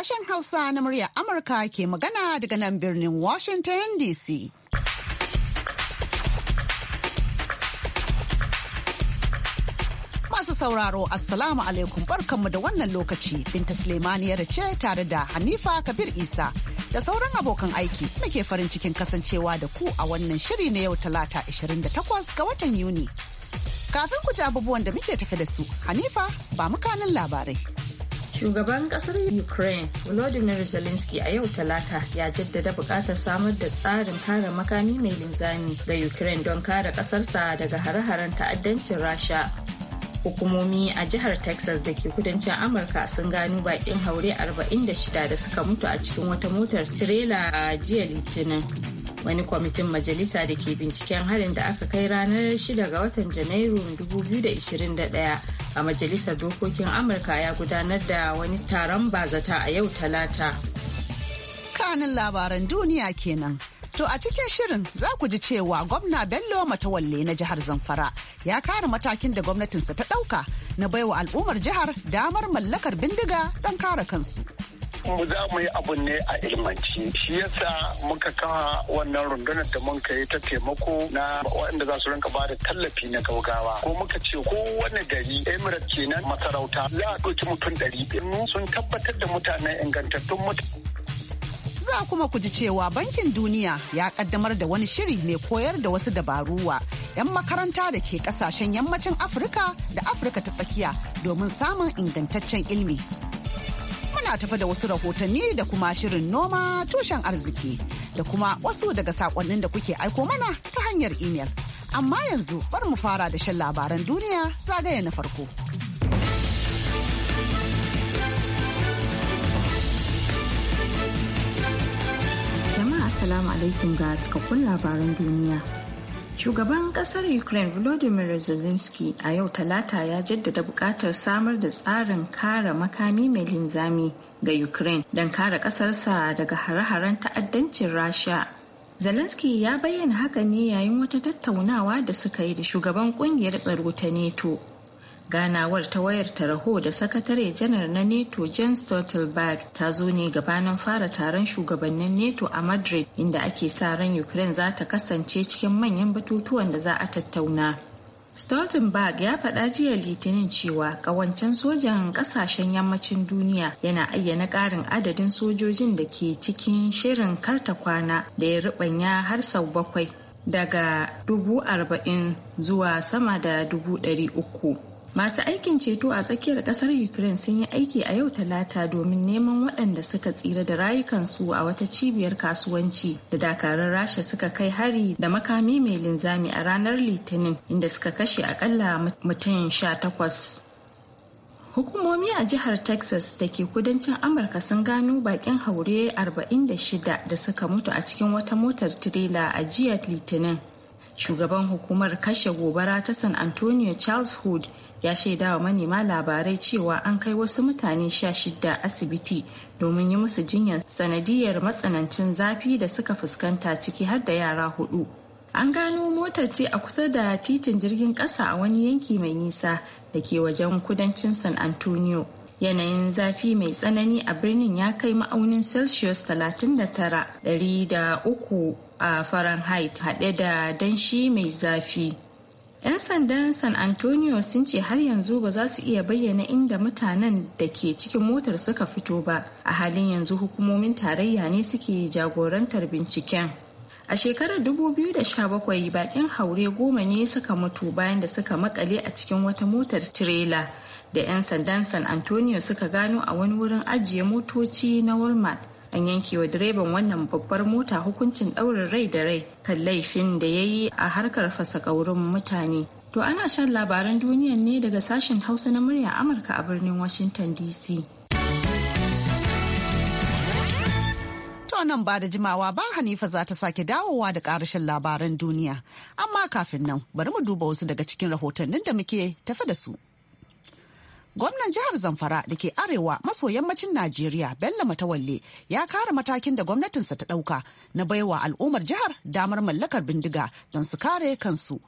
sashen Hausa na murya Amurka ke magana daga nan birnin Washington DC. Masu sauraro, Assalamu alaikum barkanmu da wannan lokaci. Binta Sulemaniyar ce tare da Hanifa Kabir Isa da sauran abokan aiki muke farin cikin kasancewa da ku a wannan shiri na yau talata 28 ga watan Yuni. Kafin ku ji abubuwan da muke tafe da su, Hanifa ba mu kanin labarai. Shugaban kasar Ukraine Volodymyr Zelensky a yau talata ya jaddada bukatar samar da tsarin kare makami mai linzami ga Ukraine don kare kasarsa daga hare-haren ta'addancin Rasha. Hukumomi a jihar Texas da ke kudancin Amurka sun gano bakin haure 46 da suka mutu a cikin wata motar tirela a jiya Litinin. wani kwamitin majalisa da ke binciken harin da aka kai ranar 6 ga watan janairun 2021 a majalisar dokokin amurka ya gudanar da wani taron bazata a yau talata kanin labaran duniya kenan To a cikin shirin za ku ji cewa gwamna Bello Matawalle na jihar Zamfara ya kare matakin da gwamnatinsa ta ɗauka na baiwa al'ummar jihar damar mallakar bindiga don kare kansu. mu za mu yi abun ne a ilmanci shi yasa muka kawo wannan rundunar da mun kai ta taimako na waɗanda za su rinka ba da tallafi na gaugawa ko muka ce ko wani gari emirat kenan masarauta za a ɗauki mutum ɗari biyu sun tabbatar da mutanen ingantattun mutane za kuma ku ji cewa bankin duniya ya kaddamar da wani shiri mai koyar da wasu dabaru wa 'yan makaranta da ke kasashen yammacin afirka da afirka ta tsakiya domin samun ingantaccen ilmi muna tafa da wasu rahotanni da kuma shirin noma tushen arziki da kuma wasu daga sakonnin da kuke aiko mana ta hanyar imel. Amma yanzu bar mu fara da shan labaran duniya zagaya na farko. Jama'a Assalamu alaikum ga cikakkun labaran duniya. Shugaban kasar Ukraine Volodymyr Zelensky a yau talata ya jaddada bukatar samar da tsarin kare makami mai linzami ga Ukraine don kare kasarsa daga hare-haren ta'addancin Rasha. Zelensky ya bayyana haka ne yayin wata tattaunawa da suka yi da shugaban kungiyar tsaro ta NATO ganawar ta wayar raho da sakatare janar na neto jens stoltenberg ta zo ne gabanin fara taron shugabannin neto a madrid inda ake sa ran ukraine za ta kasance cikin manyan batutuwan da za a tattauna Stoltenberg ya faɗa jiya Litinin cewa ƙawancen sojan ƙasashen yammacin duniya yana ayyana ƙarin adadin sojojin da ke cikin shirin karta kwana da ya ruɓanya har sau bakwai daga dubu arba'in zuwa sama da dubu ɗari uku. Masu aikin ceto a tsakiyar kasar Ukraine sun yi aiki a yau talata domin neman waɗanda suka tsira da rayukansu a wata cibiyar kasuwanci da dakarun Rasha suka kai hari da makami mai linzami a ranar Litinin inda suka kashe akalla mutum sha takwas. Hukumomi a jihar Texas da ke kudancin Amurka sun gano bakin haure 46 da suka mutu a cikin wata motar tirela a jiya Litinin. Shugaban hukumar kashe gobara ta San Antonio Charles Hood ya shaida wa manema labarai cewa an kai wasu mutane sha shida asibiti domin yi musu jinyar sanadiyar matsanancin zafi da suka fuskanta ciki har da yara hudu an gano motar ce a kusa da titin jirgin ƙasa a wani yanki mai nisa da ke wajen kudancin san antonio yanayin zafi mai tsanani a birnin ya kai ma'aunin celsius 39 300 a fahrenheit haɗe da danshi mai zafi 'Yan sandan San Antonio sun ce har yanzu ba za su iya bayyana inda mutanen da ke cikin motar suka fito ba, a halin yanzu hukumomin tarayya ne suke jagorantar binciken. A shekarar 2017 bakin haure goma ne suka mutu bayan da suka makale a cikin wata motar tirela da 'yan sandan San Antonio suka gano a wani wurin ajiye motoci na Walmart. an yanke wa direban wannan babbar mota hukuncin ɗaurin rai da rai kan laifin da ya yi a harkar fasa ƙaurin mutane to ana shan labaran duniyan ne daga sashen hausa na murya amurka a birnin washington dc To nan ba da jimawa ba Hanifa za ta sake dawowa da karashin labaran duniya. Amma kafin nan bari mu duba wasu daga cikin rahotannin da muke tafe da su. Gwamnan jihar Zamfara da ke arewa maso yammacin Najeriya Bello Matawalle ya kare matakin da gwamnatinsa ta ɗauka na baiwa al'ummar jihar damar mallakar bindiga don su kare kansu.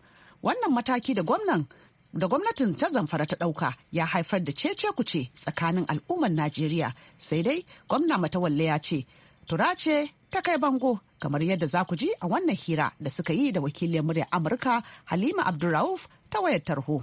Wannan mataki da gwamnan da gwamnatin ta zamfara ta ɗauka ya haifar da cece kuce tsakanin al'ummar Najeriya sai dai gwamna Matawalle ya ce tura ce ta kai bango kamar yadda za ku ji a wannan hira da suka yi da wakilin murya Amurka Halima Abdulrauf ta wayar tarho.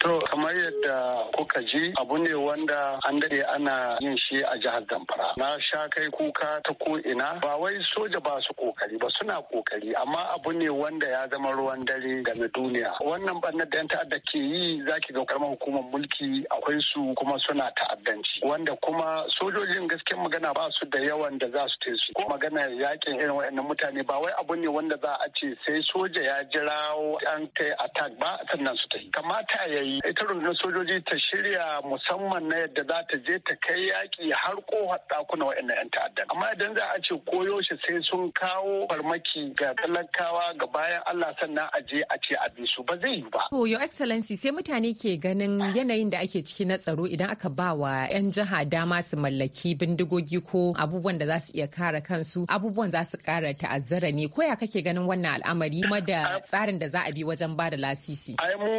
To kamar yadda kuka ji abu ne wanda an dade ana yin shi a jihar Zamfara. Na sha kai kuka ta ko ina ba wai soja ba su kokari ba suna kokari amma abu ne wanda ya zama ruwan dare na duniya. Wannan bannan da 'yan ta'adda ke yi zaki ga karamar hukumar mulki akwai su kuma suna ta'addanci wanda kuma sojojin gaskiyar magana ba su da yawan da za su te su ko magana yakin irin waɗannan mutane ba wai abu ne wanda za a ce sai soja ya jira an kai attack ba sannan su ta yi. Kamata ya yi ita rundunar sojoji ta shirya musamman na yadda za ta je ta kai yaƙi har ko ɗakuna waɗannan 'yan ta'adda amma idan za a ce koyo shi sai sun kawo farmaki ga talakawa ga bayan Allah sannan a je a ce a bi su ba zai yi ba. To your excellency sai mutane ke ganin yanayin da ake ciki na tsaro idan aka ba wa 'yan jiha dama su mallaki bindigogi ko abubuwan da za su iya kare kansu abubuwan za su kara ta'azzara ne ko ya kake ganin wannan al'amari kuma da tsarin da za a bi wajen ba da lasisi. Ai mu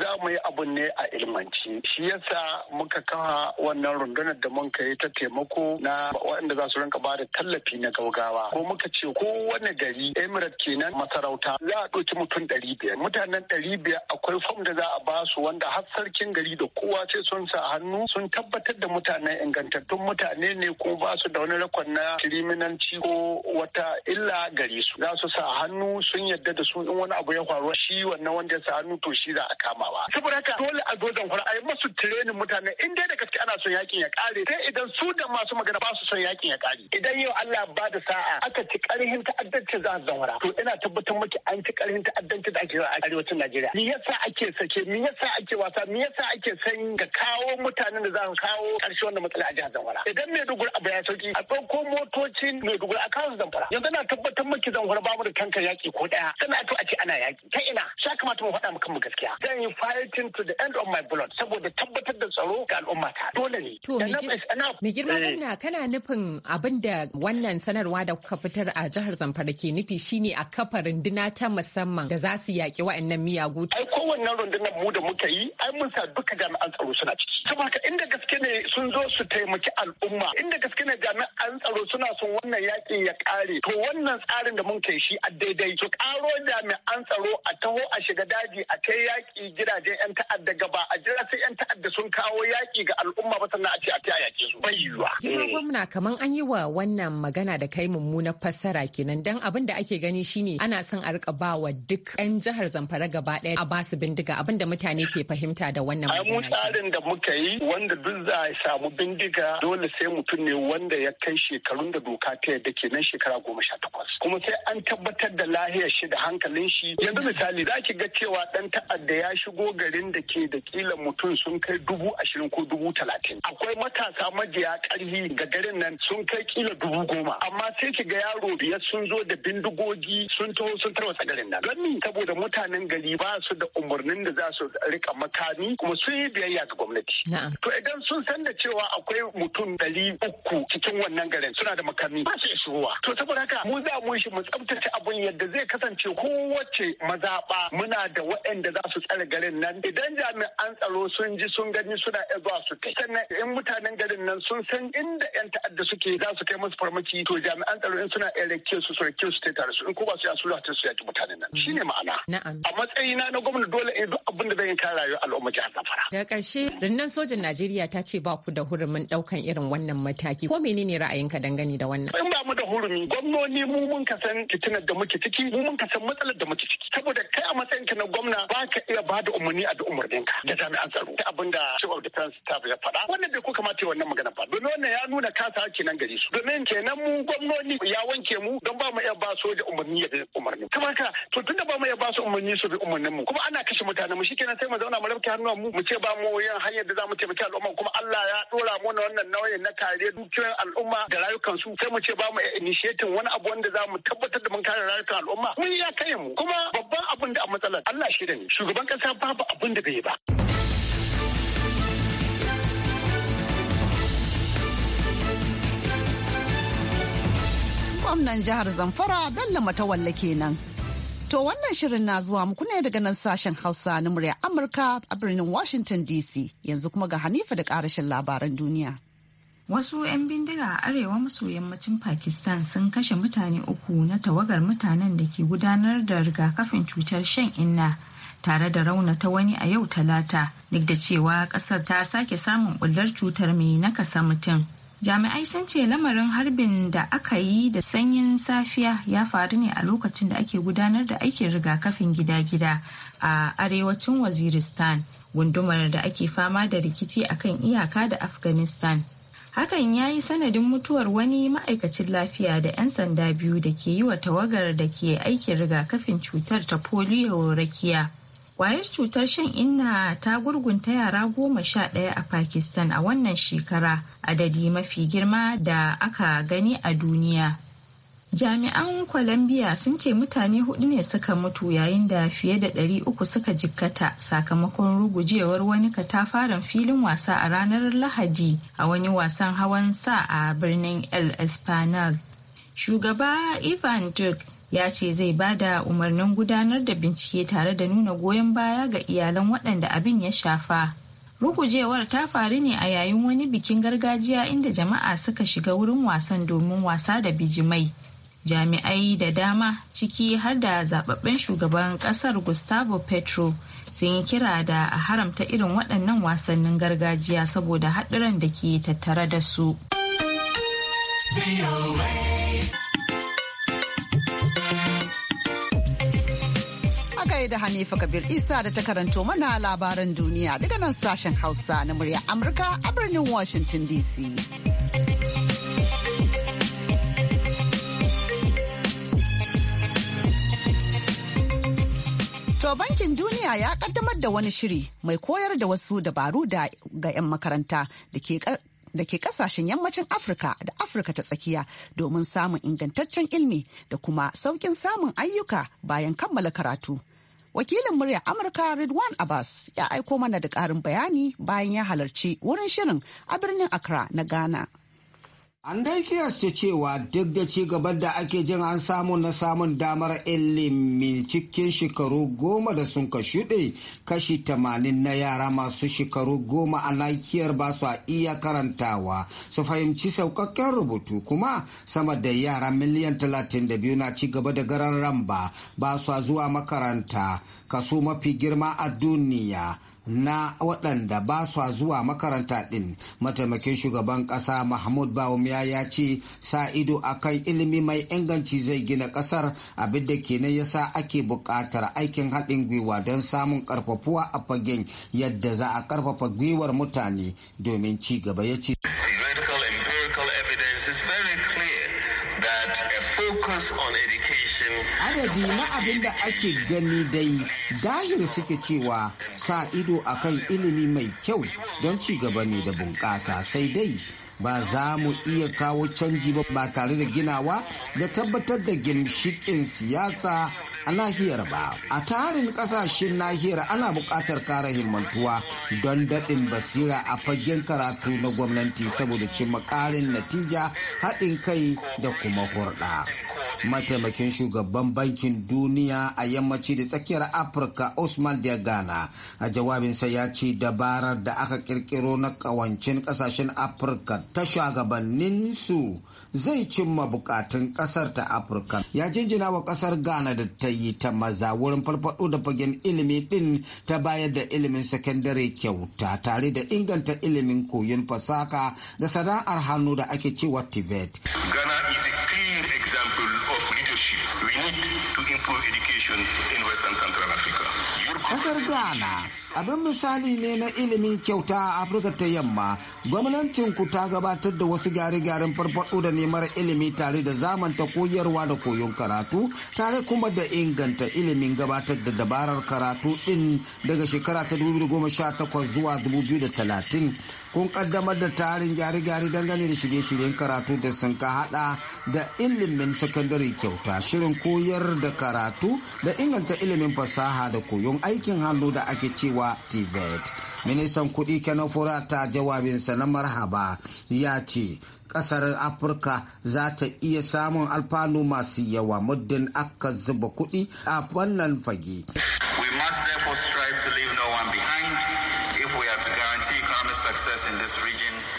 za mu yi abun ne a ilmanci shi yasa muka kafa wannan rundunar da mun kai ta taimako na waɗanda za su rinka ba da tallafi na gaugawa ko muka ce ko wani gari emirate kenan masarauta za a ɗauki mutum ɗari biyar mutanen ɗari biyar akwai fom da za a ba su wanda har sarkin gari da kowa sai sun sa hannu sun tabbatar da mutanen ingantattun mutane ne ko ba su da wani rakon na kiriminanci ko wata illa gari su za su sa hannu sun yarda da su in wani abu ya faru shi wannan wanda ya sa hannu to shi za a kama ba haka dole a zo zamfara a yi masu tirenin mutane in dai da gaske ana son yakin ya kare sai idan su da masu magana ba su son yakin ya kare idan yau Allah ba da sa'a aka ci karhin ta'addanci za zamfara to ina tabbatar maki an ci karhin ta'addanci da ake a arewacin Najeriya me yasa ake sake me yasa ake wasa me yasa ake san ga kawo mutanen da za su kawo karshe wannan matsala a jihar Zamfara idan Maiduguri abu ya sauki a ɗauko motocin Maiduguri a kawo zamfara yanzu na tabbatar maki zamfara babu da tankar yaki ko daya sannan a to a ce ana yaki ta ina sha kamata mu faɗa maka mu gaskiya zan yi fighting to the end of my blood saboda tabbatar da tsaro ga al'umma ta dole ne. To me girma eh. gwamna kana nufin abin da wannan sanarwa da kuka fitar a jihar Zamfara ke nufi shine a kafa runduna ta musamman da za su yaƙi wa'annan miyagu. Ai kowannen rundunar mu da muka yi ai mun sa duka jami'an tsaro suna ciki. Saboda inda gaske ne sun zo su taimaki al'umma inda gaske ne jami'an tsaro suna son wannan yaƙin ya ƙare to wannan tsarin da mun kai shi a daidai su ƙaro jami'an tsaro a taho a shiga daji a kai yaƙi gidajen 'yan ta'adda gaba a jira sai 'yan ta'adda sun kawo yaƙi ga al'umma ba sannan a ce a ta yaƙe su bai yiwa. Girma eh. gwamna kamar an yi wa wannan magana da kai mummunar fassara kenan dan abin da ake gani shine ana son a rika ba wa duk 'yan jihar Zamfara gaba ɗaya a basu bindiga abin da mutane ke fahimta da wannan magana. mu tsarin da muka yi wanda duk za a samu bindiga dole sai mutum ne wanda ya kai shekarun da doka ta yadda kenan shekara goma sha takwas. Kuma sai an tabbatar da lahiyar shi da hankalin shi yanzu misali za ki ga cewa ɗan ta'adda ya shigo garin abin da ke da kila mutum sun kai dubu ashirin ko dubu talatin akwai matasa majiya karfi ga garin nan sun kai kila dubu goma amma sai ki ga yaro biyar sun zo da bindigogi sun taho sun tarwatsa garin nan don saboda mutanen gari ba su da umarnin da za su rika makami kuma sun yi biyayya ga gwamnati to idan sun san da cewa akwai mutum dari uku cikin wannan garin suna da makami ba su isuwa to saboda haka mu za mu shi mu tsabtace abun yadda zai kasance kowace mazaɓa muna da waɗanda za su tsare garin nan idan jami'an tsaro sun ji sun gani suna iya zuwa su kai sannan in mutanen garin nan sun san inda yan ta'adda suke za su kai musu farmaki to jami'an tsaro in suna iya rake su su rake su tare su in ko ba su yasu zuwa su yaki mutanen nan shine ma'ana a matsayina na gwamna dole in duk abin da zan yi kare rayuwar al'umma jihar Zamfara da karshe Rinnan sojan Najeriya ta ce ba ku da hurumin daukan irin wannan mataki ko menene ra'ayinka dangane da wannan in ba mu da hurumi gwamnoni mu mun ka san fitinar da muke ciki mu mun ka san matsalar da muke ciki saboda kai a matsayinka na gwamna ba ka iya ba da umarni a umarninka da jami'an tsaro da abin da chief of defense staff ya faɗa wannan bai ko kamata wannan magana ba domin wannan ya nuna kasa kenan gari su domin kenan mu gwamnoni ya wanke mu don ba mu iya ba da umarni ya bi umarni kuma ka to da ba mu iya ba su umarni su bi umarnin mu kuma ana kashe mutane mu shikenan sai mu zauna mu rafke hannuwan mu mu ce ba mu yin hanyar da za mu taimaki al'umma kuma Allah ya dora mu wannan nauyin na kare dukiyar al'umma da rayukan su sai mu ce ba mu initiating wani abu wanda za mu tabbatar da mun kare rayukan al'umma mun ya kai mu kuma babban abin da a matsalar Allah shi da ni shugaban kasa babu abin da bai ba. Gwamnan jihar Zamfara Bello Matawalle kenan. To wannan shirin na zuwa muku ne daga nan sashen Hausa na muryar Amurka a birnin Washington DC yanzu kuma ga Hanifa da karashin labaran duniya. Wasu 'yan bindiga a arewa maso yammacin Pakistan sun kashe mutane uku na tawagar mutanen da ke gudanar da rigakafin cutar shan inna tare da raunata wani a yau talata duk da cewa kasar ta sake samun bullar cutar mai nakasa mutum jami'ai sun ce lamarin harbin da aka yi da sanyin safiya ya faru ne a lokacin da ake gudanar da aikin rigakafin gida-gida a arewacin waziristan gundumar da ake fama da rikici akan iyaka da afghanistan hakan ya yi sanadin mutuwar wani ma'aikacin lafiya da 'yan sanda biyu da ke yi wa tawagar da ke aikin rigakafin cutar ta polio rakiya Kwayar cutar shan inna ta gurgunta yara goma sha ɗaya a Pakistan a wannan shekara adadi mafi girma da aka gani a duniya. Jami'an Colombia sun ce mutane hudu ne suka mutu yayin da fiye da ɗari uku suka jikkata sakamakon rugujewar wani katafaren filin wasa a ranar Lahadi a wani wasan hawan sa a birnin El Espanol. Shugaba Ivan Duke ya ce zai ba da umarnin gudanar da bincike tare da nuna goyon baya ga iyalan waɗanda abin ya shafa rukujewar ta faru ne a yayin wani bikin gargajiya inda jama'a suka shiga wurin wasan domin wasa da bijimai jami'ai da dama ciki har da zababben shugaban kasar gustavo petro sun yi kira da a haramta irin waɗannan wasannin gargajiya saboda haɗuran da ke tattare da su. da Hanifa Kabir Isa da ta karanto mana labaran duniya daga nan sashen Hausa na murya Amurka a birnin Washington DC. To bankin duniya ya kaddamar da wani shiri mai koyar da wasu dabaru da ga 'yan makaranta da ke da ke kasashen yammacin Afirka da Afirka ta tsakiya domin samun ingantaccen ilmi da kuma saukin samun ayyuka bayan kammala karatu. Wakilin murya Amurka Ridwan Abbas ya aiko mana da ƙarin bayani bayan ya halarci wurin shirin a birnin Accra na Ghana. An dai kiyasta cewa duk da ci gaban da ake jin an samu na samun damar ilimi cikin shekaru goma da sun ka shuɗe kashi tamanin na yara masu shekaru goma a nakiyar ba su iya karantawa su fahimci sauƙaƙƙen rubutu kuma sama da yara miliyan talatin da biyu na cigaba da garan ramba ba su zuwa makaranta kaso mafi girma a duniya na waɗanda ba su zuwa makaranta ɗin mataimakin shugaban ƙasa mahmud bawumia ya ce sa ido akan ilimi mai inganci zai gina ƙasar abin da kenan sa ake buƙatar aikin haɗin gwiwa don samun ƙarfafuwa a fagen yadda za a ƙarfafa gwiwar mutane domin ci gaba ya ce focus on education adadi na abin da ake gani dai dahil suke cewa sa ido akan ilimi mai kyau don ci gaba ne da bunƙasa sai dai ba za mu iya kawo canji ba tare da ginawa da tabbatar da ginshikin siyasa a nahiyar ba a tarin kasashen nahiyar ana buƙatar kara himmantuwa don daɗin basira a fagen karatu na gwamnati saboda cimma ƙarin natija haɗin kai da kuma hurɗa mataimakin shugaban bankin duniya a yammaci da tsakiyar afirka osman diagana a jawabinsa ya ce dabarar da aka kirkiro na kawancin ƙasashen afirka ta shugabanninsu zai cimma bukatun kasar ta afirka ya jinjina wa kasar ghana da ta yi ta maza wurin farfado da fagen ilimi din ta bayar da ilimin sakandare kyauta tare da inganta ilimin koyon fasaka da sana'ar hannu da ake cewa tibet e ghana We need to Kasar Ghana abin misali ne na ilimi kyauta a Afirka ta yamma. Gwamnatin ku ta gabatar da wasu gyare-gyaren farfaɗo da neman ilimi tare da zamanta koyarwa da koyon karatu tare kuma da inganta ilimin gabatar da dabarar karatu din daga shekara ta 2018 zuwa 2030. kun kaddamar da tarin gyare-gyare dangane da shirye-shiryen karatu da sun ka hada da ilimin sakandare kyauta shirin koyar da karatu da inganta ilimin fasaha da koyon aikin hannu da ake cewa tibet ministan kudi Fura ta jawabinsa na marhaba ya ce kasar afirka za ta iya samun alfanu masu yawa muddin aka zuba kuɗi a wannan fage. we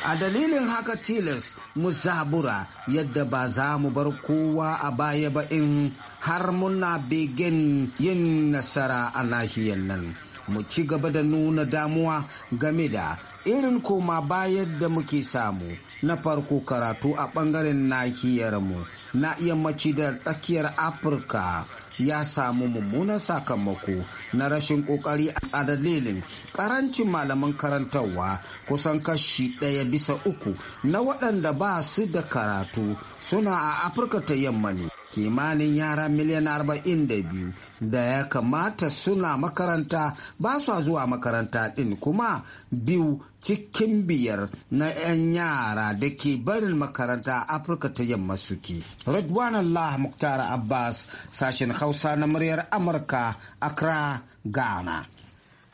A dalilin haka tilas mu zabura yadda ba za mu bar kowa a baya ba in har muna begen yin nasara a nahiyar nan. Mu ci gaba da nuna damuwa game da irin koma bayan da muke samu na farko karatu a ɓangaren nahiyar mu na yammaci da tsakiyar Afirka. ya samu mummunan sakamako na rashin kokari a dalilin karancin malaman karantarwa kusan kashi ɗaya bisa uku na waɗanda ba su da karatu suna a afirka ta yamma ne kimanin yara miliyan 42 da ya kamata suna makaranta ba su zuwa makaranta ɗin kuma biyu cikin biyar na 'yan yara da ke barin makaranta afirka ta yamma suke. Radwan Allah Muktar Abbas sashen Hausa na muryar Amurka Accra Ghana.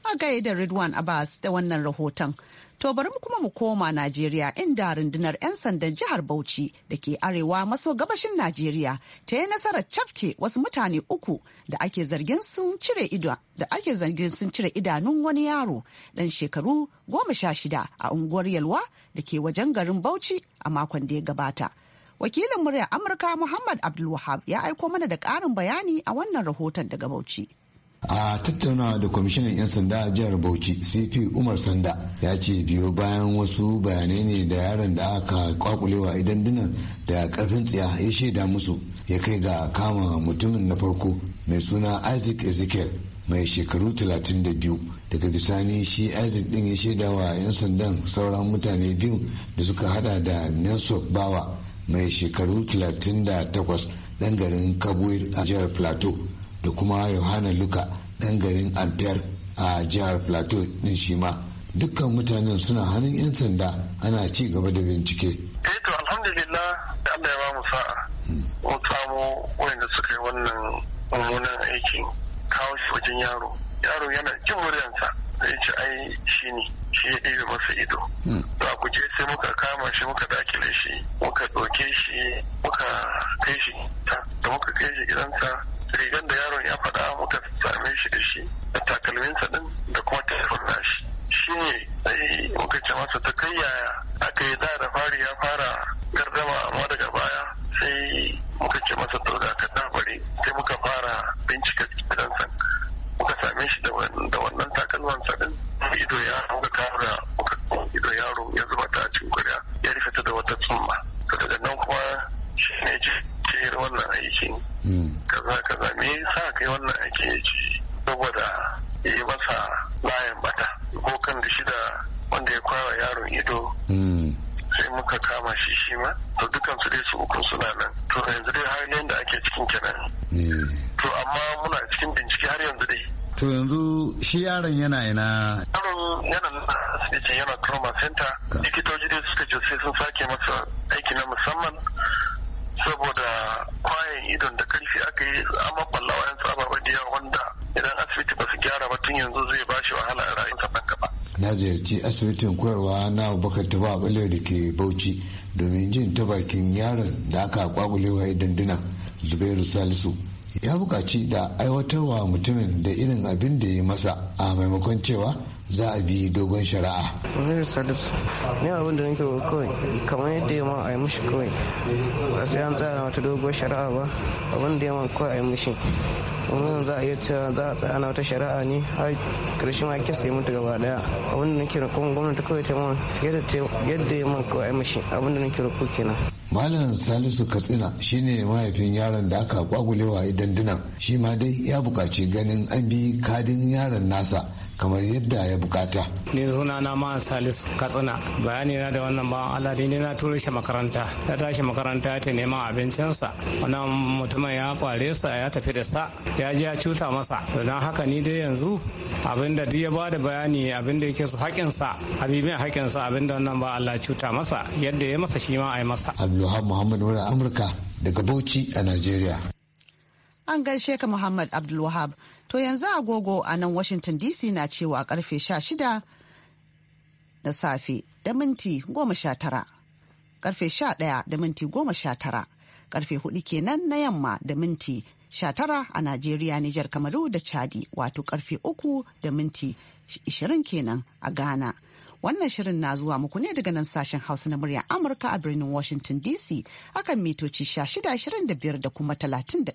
A gaida Ridwan Abbas da wannan rahoton. To bari mu kuma mu koma Najeriya inda rundunar 'yan sandan jihar Bauchi da ke arewa maso gabashin Najeriya ta yi nasarar cafke wasu mutane uku da ake zargin sun cire ido da ake zargin sun cire idanun wani yaro dan shekaru goma sha shida a unguwar Yalwa da ke wajen garin Bauchi a makon da ya gabata. Wakilin muryar Amurka Muhammad Abdulwahab ya aiko mana da ƙarin bayani a wannan rahoton daga Bauchi. a tattaunawa da kwamishinan 'yan sanda a jihar bauchi cp umar sanda ya ce biyo bayan wasu bayanai ne da yaron da aka kwakulewa idan dunan da karfin tsiya ya shaida musu ya kai ga kama mutumin na farko mai suna isaac ezekiel mai shekaru 32 daga bisani shi isaac din ya shaida wa 'yan sandan sauran mutane biyu da suka hada da nelson bawa mai shekaru 38 dan garin kabwe a jihar plateau da kuma yohana luka ɗan garin ampere a jihar plateau din shi ma dukkan mutanen suna hannun 'yan sanda ana ci gaba da bincike eh to alhamdulillah da allah ya ba mu sa'a mun samu wanda suka yi wannan mummunan aikin kawo shi wajen yaro yaro yana jin da zai ci ai shi ne shi ya ɗiba masa ido hmm. to a guje sai muka kama shi muka dakile shi muka ɗauke shi muka kai shi da muka kai shi gidansa rigan da yaron ya faɗa muka same shi da shi da takalminsa din da kuma telefon nashi shi ne sai muka ce masa ta kai yaya aka yi da da fari ya fara gardama amma daga baya sai muka ce masa to da ka bari sai muka fara bincika gidansa muka same shi da wannan takalmansa yana nuna asibiti yana trauma center likitoci dai suka ce sai sun sake masa aiki na musamman saboda kwayan idon da karfi aka yi amma balla wayan tsaba da yawa wanda idan asibiti ba su gyara ba tun yanzu zai ba shi wahala a rayuwa gaban gaba. na ziyarci asibitin koyarwa na abubakar ta ba da ke bauchi domin jin ta bakin yaron da aka kwakulewa ya danduna zubairu salisu ya buƙaci da aiwatarwa mutumin da irin abin da ya masa a maimakon cewa za a bi dogon shari'a. Profesor Salif, ni abin da nake kawai kamar yadda yamma a yi mushi kawai ba sai an tsara wata dogon shari'a ba abin da yamma kawai a yi mushi. wannan za a iya cewa za a tsaya wata shari'a ne har karshen ma kesa yi mutu gaba daya abin da nake roƙon gwamnati kawai ta man yadda ya man kawai abin da nake roƙo kenan malam salisu katsina shine mahaifin yaron da aka kwagulewa idan dinan shi ma dai ya buƙaci ganin an bi kadin yaron nasa kamar yadda ya bukata. Ni suna na ma Salisu Katsina bayani na da wannan bawan Allah ne na turo shi makaranta ta tashi makaranta ta neman abincinsa wannan mutumin ya kware sa ya tafi da sa ya ji ya cuta masa to haka ni dai yanzu abin da duk ya bada bayani abin da yake su haƙin sa abin haƙin sa abin da wannan ba Allah cuta masa yadda ya masa shi ma a yi masa. Abdulhamid Muhammad wani Amurka daga Bauchi a Najeriya. An gaishe ka Muhammad Abdulwahab. To yanzu agogo a nan Washington DC na cewa karfe 16 na safe da minti 19. Karfe 11 da minti 19. Karfe 4 kenan na yamma da minti 19 a Najeriya, Nijar, Kamaru da Chadi wato karfe 3 da minti 20 kenan a Ghana. wannan shirin na zuwa muku ne daga nan sashen hausa na muryar amurka a birnin washington dc akan mitoci 1625 da kuma 31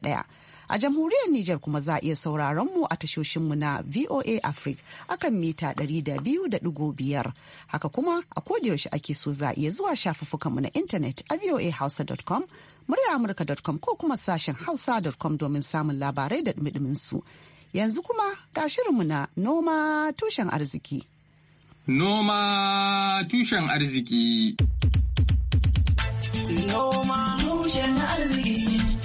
A jamhuriyar Nijar kuma za a iya sauraron mu a tashoshinmu na VOA Africa akan mita 200.5. Haka kuma a yaushe ake so za a iya zuwa shafuffukanmu na intanet a voahausa.com, muryaamurka.com ko kuma sashen hausa.com domin samun labarai da su. Yanzu kuma ga shirinmu na noma tushen arziki. Noma tushen arziki. Noma tushen arziki.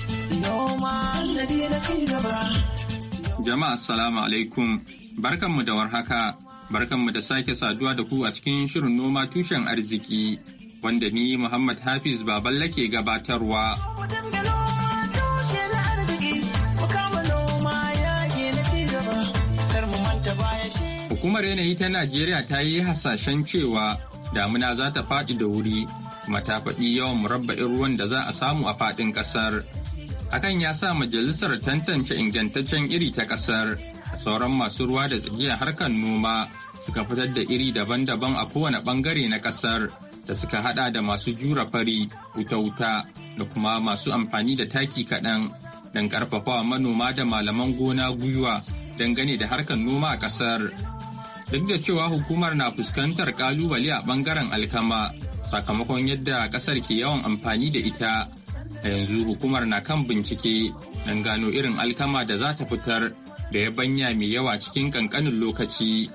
Jama'a salamu alaikum barkanmu da warhaka barkanmu da sake saduwa da ku a cikin shirin noma tushen arziki wanda ni Muhammad Hafiz Baballa ke gabatarwa. Hukumar yanayi ta Najeriya ta yi hasashen cewa damuna za ta faɗi da wuri kuma ta faɗi yawan murabba'in ruwan da za a samu a faɗin ƙasar. hakan ya sa majalisar tantance ingantaccen iri ta kasar sauran masu ruwa da tsakiyar harkar noma suka fitar da iri daban-daban a kowane bangare na kasar da suka hada da masu jura fari wuta-wuta da kuma masu amfani da taki kaɗan don karfafawa manoma da malaman gona gwiwa dangane da harkar noma a kasar duk da cewa hukumar na fuskantar kalubale a bangaren alkama sakamakon yadda kasar ke yawan amfani da ita a yanzu hukumar na kan bincike don gano irin alkama da za ta fitar da ya banya mai yawa cikin kankanin lokaci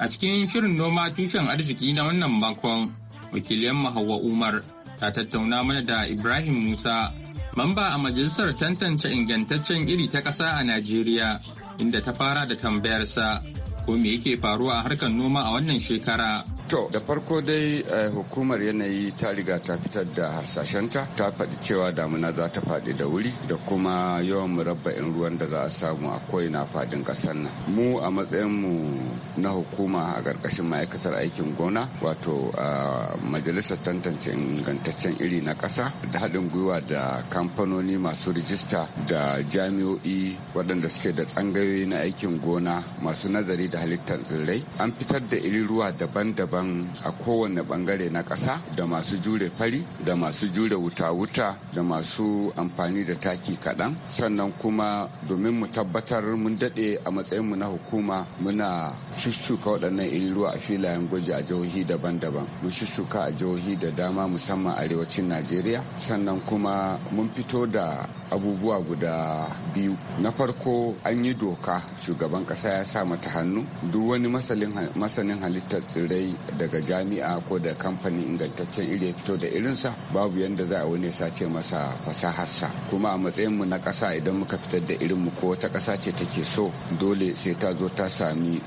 a cikin shirin noma tushen arziki na wannan makon wakiliyan mahawa umar ta tattauna mana da ibrahim musa mamba a majalisar tantance ingantaccen iri ta ƙasa a najeriya inda ta fara da tambayarsa ko me yake faruwa a harkar noma a wannan shekara. To da farko dai eh, hukumar yanayi ta riga ta fitar da harsashenta ta faɗi cewa damuna za ta faɗi da wuri da kuma yawan murabba'in ruwan da za a samu a na faɗin ƙasar nan. Mu a matsayinmu na hukuma a ƙarƙashin ma'aikatar aikin gona wato a majalisar tantance ingantaccen iri na ƙasa da haɗin gwiwa da kamfanoni masu rijista da jami'o'i waɗanda suke da tsangayoyi na aikin gona masu nazari da halittar tsirrai an fitar da iri ruwa daban-daban a kowane bangare na ƙasa da masu jure fari da masu jure wuta-wuta da masu amfani da taki kaɗan sannan kuma domin mu tabbatar mun daɗe a matsayin mu na hukuma muna shushuka waɗannan iri ruwa a filayen gwaji a jihohi daban-daban mun shushuka a jihohi da dama musamman arewacin najeriya sannan kuma mun fito da abubuwa guda biyu na farko an yi doka shugaban ƙasa ya sa mata hannu hannu duk wani masanin halittar tsirrai daga jami'a ko da kamfanin ingantaccen iri ya fito da irinsa babu yadda za a wani sace masa fasaharsa kuma a matsayin mu na ƙasa idan muka fitar da irin mu ko wata ƙasa ce take so dole sai ta zo ta sami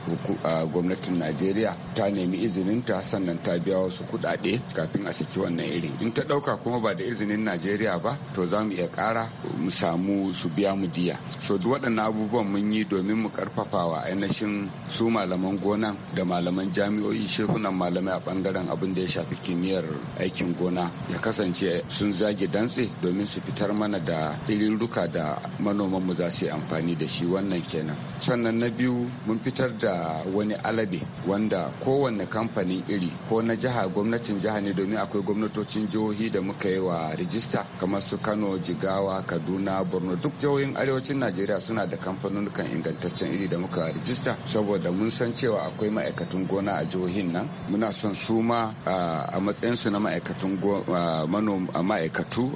gwamnatin najeriya ta nemi izininta sannan ta biya wasu kuɗaɗe kafin a saki wannan iri in ta ɗauka kuma ba da izinin najeriya ba to za mu iya ƙara mu samu su biya mu diya so duk waɗannan abubuwan mun yi domin mu ƙarfafa wa ainihin su malaman gona da malaman jami'o'i shekunan malamai a bangaren abin da ya shafi kimiyyar aikin gona ya kasance sun zage dantse domin su fitar mana da iriruka da mu za su yi amfani da shi wannan kenan sannan na biyu mun fitar da wani alabe wanda kowanne kamfanin iri ko na jiha gwamnatin jiha ne domin akwai gwamnatocin jihohi da muka yi wa rijista kamar su kano jigawa kaduna borno duk jihohin arewacin najeriya suna da kamfanonukan ingantaccen iri da muka rijista saboda saboda mun san cewa akwai ma'aikatan gona a jihohin nan muna son su ma a matsayinsu na ma'aikatu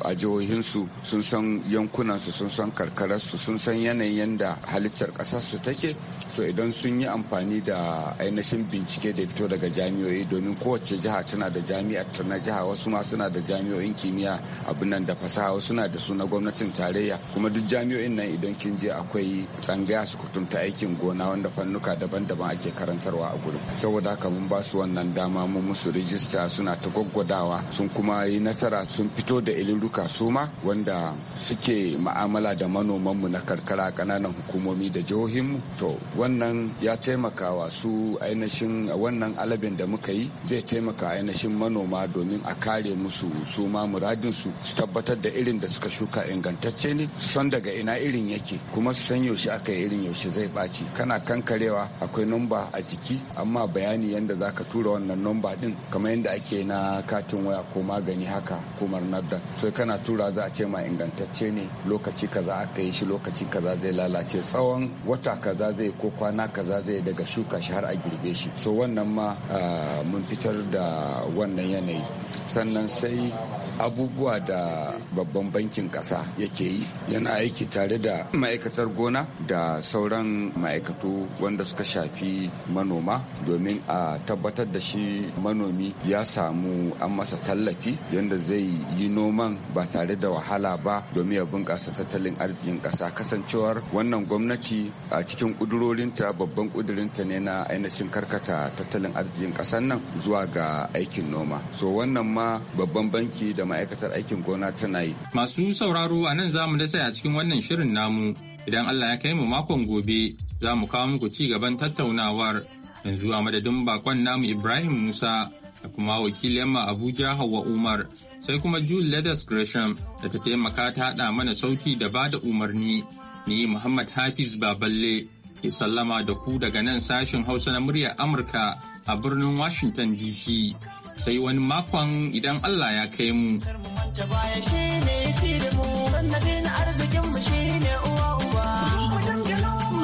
a jihohinsu sun san yankunansu sun san karkararsu sun san yanayin da halittar ƙasarsu take so idan sun yi amfani da ainihin bincike da fito daga jami'oi domin kowace jiha tana da jami'ar ta na jiha wasu ma suna da jami'o'in kimiyya abin nan da fasaha wasu na da su na gwamnatin tarayya kuma duk jami'o'in nan idan kin je akwai tsangaya su kutunta aikin gona wanda fannuka da daban-daban ake karantarwa a gurin saboda haka mun ba su wannan dama mun musu rijista suna ta gwaggwadawa sun kuma yi nasara sun fito da iliruka su ma wanda suke ma'amala da manoman mu na karkara kananan hukumomi da jihohinmu to wannan ya taimakawa su ainihin wannan alabin da muka yi zai taimaka ainihin manoma domin a kare musu su ma muradinsu su tabbatar da irin da suka shuka ingantacce ne su san daga ina irin yake kuma su san yaushe aka yi irin yaushe zai baci kana kankarewa akwai nomba a jiki amma bayani yadda za ka tura wannan nomba din kamar yadda ake na katin waya ko magani haka ko marnadda sai kana tura za a ce ma ingantacce ne lokaci kaza aka yi shi lokaci kaza zai lalace tsawon wata kaza zai ko kwana kaza zai daga shuka shi har a girbe shi so wannan ma ah, mun fitar da wannan yanayi sannan sai abubuwa da babban bankin kasa yake yi yana aiki tare da ma'aikatar gona da sauran ma'aikatu wanda suka shafi manoma domin a tabbatar da shi manomi ya samu an masa tallafi yadda zai yi noman ba tare da wahala ba domin ya bunƙasa tattalin arzikin ƙasa kasancewar wannan gwamnati a cikin ƙudurorinta babban ƙudurinta ne na ainihin karkata tattalin arzikin ƙasar nan zuwa ga aikin noma so wannan ma babban banki da ma'aikatar aikin gona tana yi. Masu sauraro a nan za dasa a cikin wannan shirin namu idan Allah ya kai mu makon gobe za mu kawo muku ci gaban tattaunawar yanzu a madadin bakon namu Ibrahim Musa da kuma wakilin ma Abuja Hauwa Umar sai kuma Jule Leathers Gresham da ta taimaka ta haɗa mana sauti da ba da umarni ni Muhammad Hafiz Baballe ke sallama da ku daga nan sashin Hausa na muryar Amurka a birnin Washington DC. sai wani makon idan Allah ya kai mu.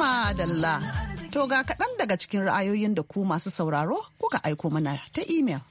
Madalla, to ga kaɗan daga cikin ra'ayoyin da ku masu sauraro kuka aiko mana ta imel.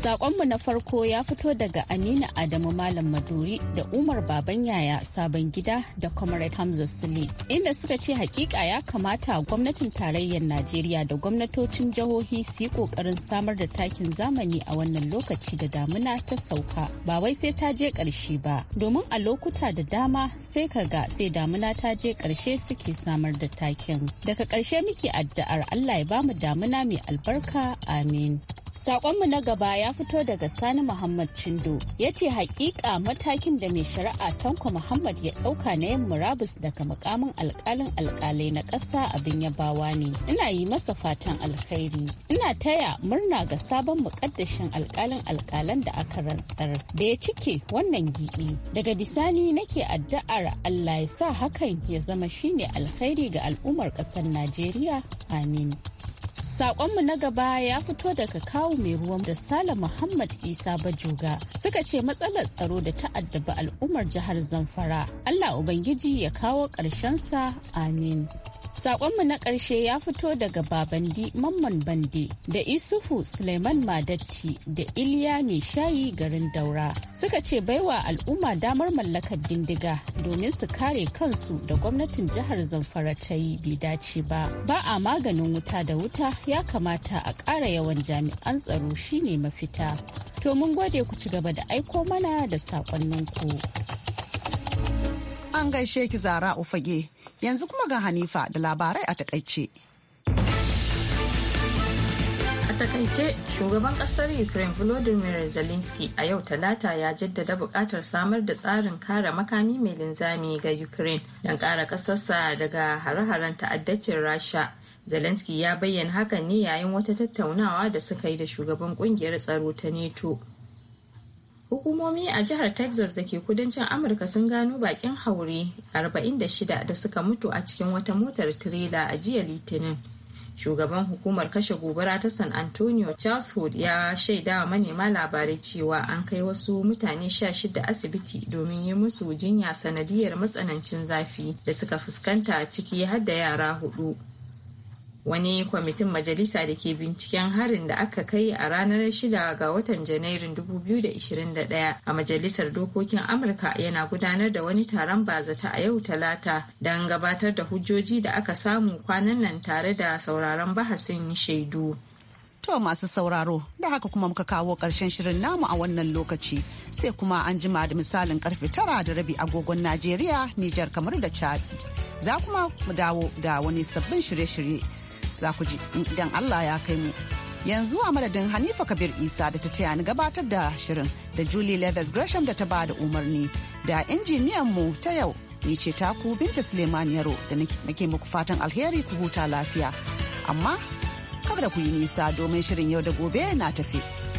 Sakonmu na farko ya fito daga amina Adamu Malam Maduri da Umar Baban Yaya Sabon Gida da Comrade Hamza Sule inda suka ce hakika ya kamata gwamnatin tarayyar Najeriya da gwamnatocin jihohi su yi kokarin samar da takin zamani a wannan lokaci da damuna ta sauka ba wai sai ta je ƙarshe ba domin a lokuta da dama sai ka ga sai damuna ta je ƙarshe suke samar da takin daga ƙarshe muke addu'ar Allah ya bamu damuna mai albarka amin Sakonmu na gaba ya fito daga Sani Muhammad Chindo ya ce hakika matakin da mai shari'a Tanko Muhammad ya ɗauka na yin murabus daga mukamin alkalin alkalai na ƙasa abin ya bawa ne. Ina yi masa fatan alkhairi. Ina taya murna ga sabon mukaddashin alkalin alkalan da aka rantsar da ya cike wannan gibi. Daga bisani nake addu'ar Allah ya sa hakan ya zama shine alkhairi ga al'ummar ƙasar Najeriya. Amin. Sakonmu na gaba ya fito daga kawu mai ruwan da Sala Muhammad Isa Bajoga suka ce matsalar tsaro da ta'addaba al'ummar jihar Zamfara. Allah Ubangiji ya kawo ƙarshen sa amin. Sakonmu na ƙarshe ya fito daga Babandi Mamman Bande da Isufu Suleiman Madatti da Iliya Mai Shayi garin Daura. Suka ce baiwa al'umma damar mallakar bindiga domin su kare kansu da gwamnatin jihar Zamfara ta yi bai dace ba. Ba a maganin wuta da wuta ya kamata a ƙara yawan jami'an tsaro shine mafita. To mun gode ku ci gaba da aiko mana da sakonninku. An gaishe ki zara ufage. Yanzu kuma ga Hanifa da labarai a takaice. A takaice, shugaban kasar Ukraine Volodymyr Zelensky a yau talata ya jaddada buƙatar samar da tsarin kare makami mai linzami ga Ukraine don ƙara ƙasarsa daga hare-haren ta'addacin Rasha. Zelensky ya bayyana hakan ne yayin wata tattaunawa da suka yi da shugaban kungiyar tsaro ta NATO. Hukumomi a jihar Texas da ke kudancin Amurka sun gano bakin haure 46 da suka mutu a cikin wata motar tirela a jiya Litinin. Shugaban hukumar kashe gobara ta San Antonio Charles Hood ya shaida wa manema labarai cewa an kai wasu mutane 16 asibiti domin yi musu jinya sanadiyar matsanancin zafi da suka fuskanta ciki har da yara hudu. wani kwamitin majalisa da ke binciken harin da aka kai a ranar 6 ga watan janairun 2021 a majalisar dokokin amurka yana gudanar da wani taron bazata a yau talata don gabatar da hujjoji da aka samu kwanan nan tare da sauraron bahasin shaidu To masu sauraro da haka kuma muka kawo ƙarshen shirin namu a wannan lokaci sai kuma an jima da misalin karfe tara da rabi agogon Najeriya, Nijar kamar da Chad. Za kuma mu dawo da wani sabbin shirye-shirye za ku ji idan Allah ya kai mu. Yanzu a madadin Hanifa Kabir Isa da ta taya ni gabatar da shirin da Julie Leathers Gresham da ta ba da umarni da injiniyan mu ta yau ni ce taku Binta Suleiman Yaro da nake muku fatan alheri ku huta lafiya. Amma kada ku yi nisa domin shirin yau da gobe na tafi.